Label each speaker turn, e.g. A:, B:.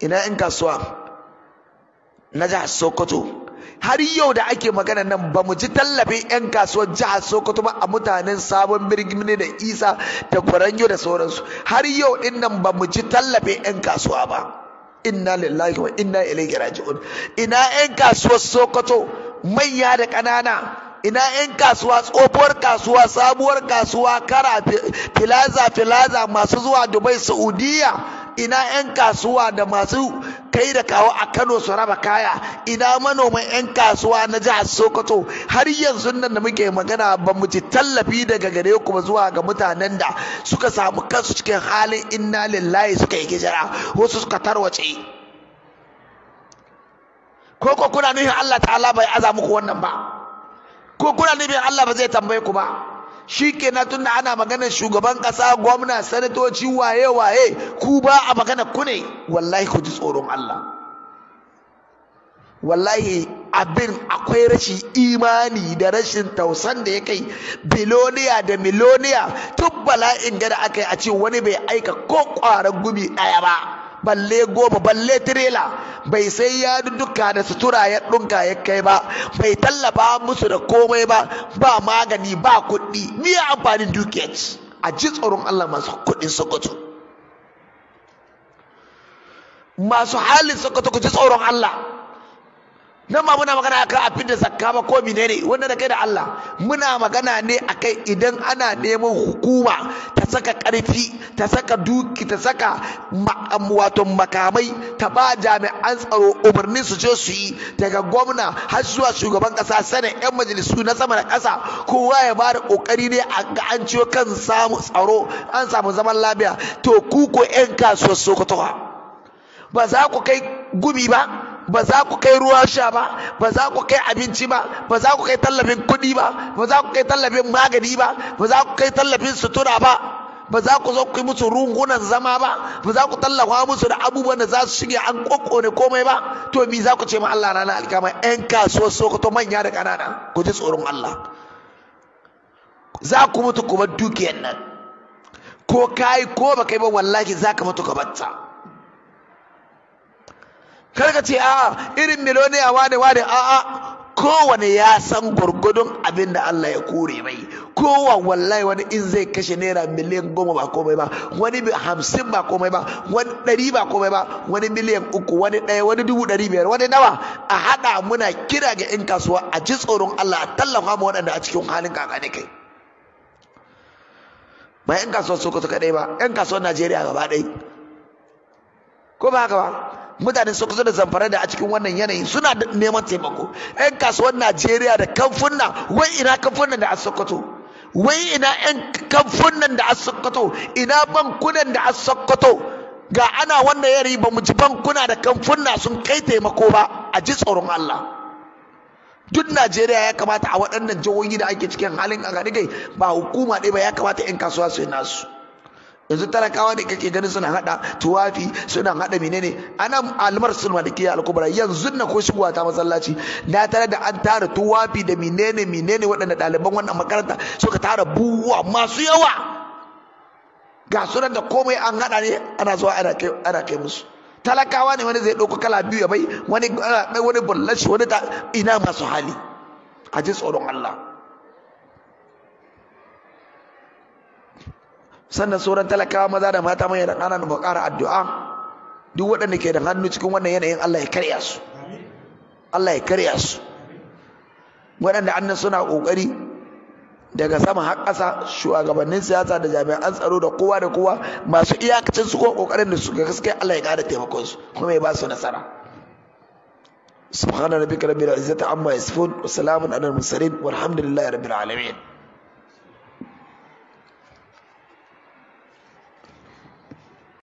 A: ina in kasuwa na jihar Sokoto har yau da ake magana nan ba mu ji tallafin 'yan kasuwar jihar Sokoto ba a mutanen sabon birgimini da isa da kwaranyo da sauransu har yau din nan ba mu ji tallafin 'yan kasuwa ba inna lillahi wa inna ilaihi raji'un ina 'yan kasuwar Sokoto manya da ƙanana ina 'yan kasuwa tsohuwar kasuwa sabuwar kasuwa kara filaza filaza masu zuwa Dubai Saudiya ina 'yan kasuwa da masu kai da kawo a kano su raba kaya ina manoman 'yan kasuwa na jihar sokoto har yanzu nan da muke magana ba mu ci tallafi daga gare ku ba zuwa ga mutanen da suka samu kansu cikin halin inna lillahi suka yi gijira wasu suka tarwace ko ko kuna nufin allah ta'ala bai aza muku wannan ba ko kuna nufin allah ba zai tambaye ku ba shi kenan tunda ana maganar shugaban ƙasa gwamna sanatoci waye waye ku ba a magana ku ne wallahi ku ji tsoron Allah wallahi abin akwai rashin imani da rashin tausan da ya kai biloniya da miloniya tubbala bala'in gada aka yi a ce wani bai aika ko ƙwarar gumi ɗaya ba balle goma balle tirela bai sai ya duka da sutura ya dunka ya kai ba bai tallafa musu da komai ba ba magani ba kuɗi ni ya amfanin dukiyar a ji tsoron Allah masu kuɗin Sokoto masu halin Sokoto ku ji tsoron Allah nan ba muna magana akan abin da zakka ba ko menene wanda da kai da Allah muna magana ne akai idan ana neman hukuma ta saka karfi ta saka duki ta saka wato makamai ta ba jami'an tsaro umarnin su je su yi daga gwamna har zuwa shugaban kasa sanin yan majalisu na sama da kasa kowa ya ba da ƙoƙari ne a ga an ciwo kan samu tsaro an samu zaman lafiya to ku ko 'yan kasuwar sokotowa ba za ku kai gumi ba ba za ku kai ruwa sha ba ba za ku kai abinci ba ba za ku kai tallafin kuɗi ba ba za ku kai tallafin magani ba ba za ku kai tallafin sutura ba ba za ku zo ku yi musu rungunan zama ba ba za ku tallafa musu da abubuwan da za su shige an kokkone komai ba to mi za ku ce ma Allah rana alkama yan kasuwar Sokoto manya da kanana ku ji tsoron Allah za ku mutu ku bar dukiyar nan ko kai ko ba kai ba wallahi za ka mutu ka batta kar ka ce a'a irin miloniya wane wane a'a kowane ya san gwargwadon abin da Allah ya kore mai kowa wallahi wani in zai kashe naira miliyan goma ba komai ba wani hamsin ba komai ba wani ɗari ba komai ba wani miliyan uku wani ɗaya wani dubu ɗari biyar wani nawa a haɗa muna kira ga 'yan kasuwa a ji tsoron Allah a tallafa ma waɗanda a cikin halin ne kai ba 'yan kasuwa sokoto kaɗai ba 'yan kasuwa najeriya gaba ɗaya ko ba haka ba mutane kusa da zamfara da a cikin wannan yanayi suna neman taimako yan kasuwar najeriya da kamfunna wai ina kamfunnan da a sokoto wai ina yan kamfunnan da a sokoto ina bankunan da a sokoto ga ana wannan yanayi ba mu ji bankuna da kamfunna sun kai taimako ba a ji tsoron allah duk najeriya ya kamata a waɗannan jihohi da ake cikin halin a ba hukuma ɗaya ba ya kamata 'yan kasuwa su yi nasu yanzu talakawa ne kake ganin suna hada tuwafi suna hada menene anan almar sun malikiya alkubra yanzu na ko shigowa ta masallaci na tare da an tara tuwafi da menene menene waɗanda ɗaliban wannan makaranta suka tara buwa masu yawa ga sunan da komai an hada ne ana zuwa ana kai musu talakawa ne wani zai ɗauko kala biyu ya bai wani eh, wani bullashi wani ta ina masu hali a ji tsoron Allah sannan sauran talakawa maza da mata mai dan ana mu ƙara addu'a duk waɗanda ke da hannu cikin wannan yanayin Allah ya karya su Allah ya karya su waɗanda annan suna ƙoƙari daga sama har ƙasa shugabannin siyasa da jami'an tsaro da kowa da kowa masu iyakacin su ko ƙoƙarin da su ga gaskiya Allah ya ƙara taimakon su kuma ya ba su nasara subhana rabbika rabbil izzati amma yasifun wa salamun alal mursalin walhamdulillahi rabbil alamin